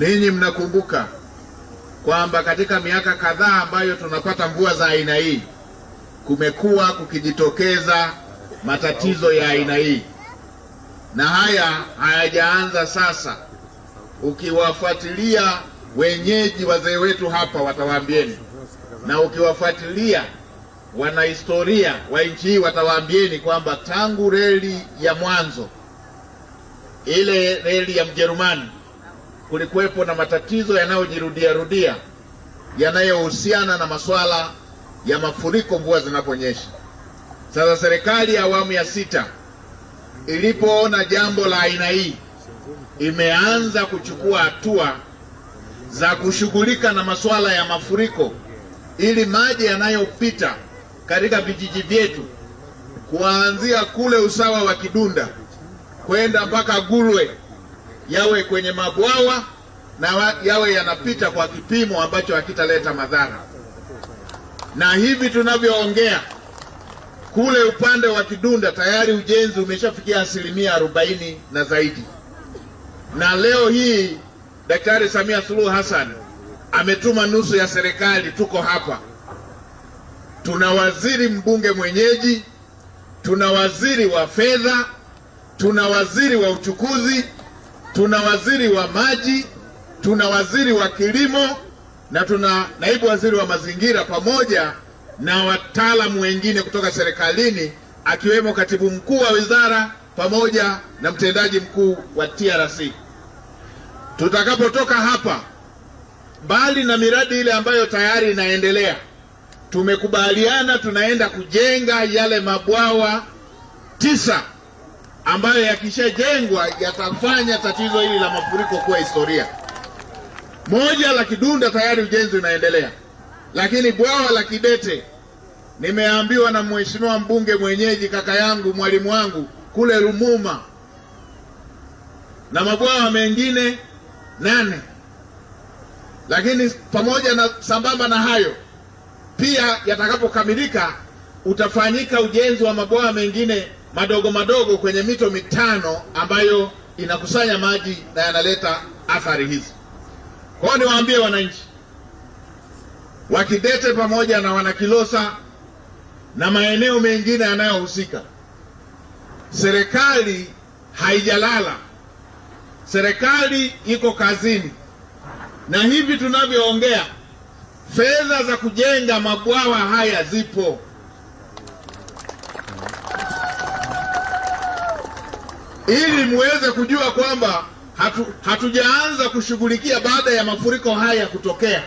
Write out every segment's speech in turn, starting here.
Ninyi mnakumbuka kwamba katika miaka kadhaa ambayo tunapata mvua za aina hii kumekuwa kukijitokeza matatizo ya aina hii, na haya hayajaanza sasa. Ukiwafuatilia wenyeji, wazee wetu hapa watawaambieni, na ukiwafuatilia wanahistoria wa nchi hii watawaambieni kwamba tangu reli ya mwanzo ile reli ya Mjerumani kulikuwepo na matatizo yanayojirudia rudia yanayohusiana na masuala ya mafuriko mvua zinaponyesha. Sasa serikali ya awamu ya sita ilipoona jambo la aina hii, imeanza kuchukua hatua za kushughulika na masuala ya mafuriko ili maji yanayopita katika vijiji vyetu kuanzia kule usawa wa Kidunda kwenda mpaka Gulwe yawe kwenye mabwawa na yawe yanapita kwa kipimo ambacho hakitaleta madhara. Na hivi tunavyoongea kule upande wa Kidunda tayari ujenzi umeshafikia asilimia arobaini na zaidi, na leo hii Daktari Samia Suluhu Hassan ametuma nusu ya serikali. Tuko hapa, tuna waziri mbunge mwenyeji, tuna waziri wa fedha, tuna waziri wa uchukuzi tuna waziri wa maji, tuna waziri wa kilimo na tuna naibu waziri wa mazingira pamoja na wataalamu wengine kutoka serikalini akiwemo katibu mkuu wa wizara pamoja na mtendaji mkuu wa TRC. Tutakapotoka hapa, mbali na miradi ile ambayo tayari inaendelea, tumekubaliana tunaenda kujenga yale mabwawa tisa ambayo yakishajengwa yatafanya tatizo hili la mafuriko kuwa historia. Moja la Kidunda tayari ujenzi unaendelea, lakini bwawa la Kidete nimeambiwa na mheshimiwa mbunge mwenyeji, kaka yangu, mwalimu wangu kule Rumuma, na mabwawa mengine nane. Lakini pamoja na sambamba na hayo pia, yatakapokamilika utafanyika ujenzi wa mabwawa mengine madogo madogo kwenye mito mitano ambayo inakusanya maji na yanaleta athari hizi. kwao niwaambie wananchi wa Kidete pamoja na wanakilosa na maeneo mengine yanayohusika, serikali haijalala, serikali iko kazini, na hivi tunavyoongea fedha za kujenga mabwawa haya zipo. ili muweze kujua kwamba hatu, hatujaanza kushughulikia baada ya mafuriko haya kutokea.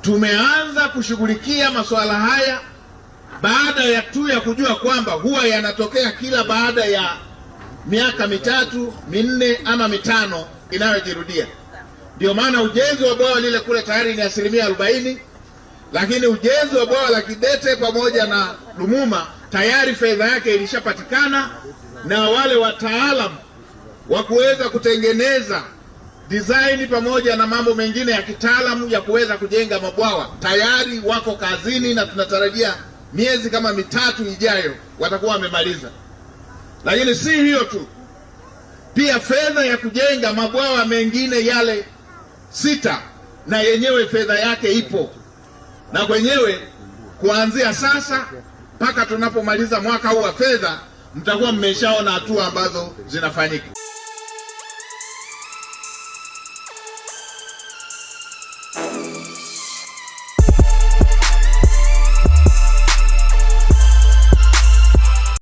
Tumeanza kushughulikia masuala haya baada ya tu ya kujua kwamba huwa yanatokea kila baada ya miaka mitatu minne ama mitano inayojirudia. Ndio maana ujenzi wa bwawa lile kule tayari ni asilimia arobaini, lakini ujenzi wa bwawa la Kidete pamoja na Lumuma tayari fedha yake ilishapatikana na wale wataalam wa kuweza kutengeneza design pamoja na mambo mengine ya kitaalamu ya kuweza kujenga mabwawa tayari wako kazini, na tunatarajia miezi kama mitatu ijayo watakuwa wamemaliza. Lakini si hiyo tu, pia fedha ya kujenga mabwawa mengine yale sita, na yenyewe fedha yake ipo, na kwenyewe kuanzia sasa mpaka tunapomaliza mwaka huu wa fedha mtakuwa mmeshaona hatua ambazo zinafanyika.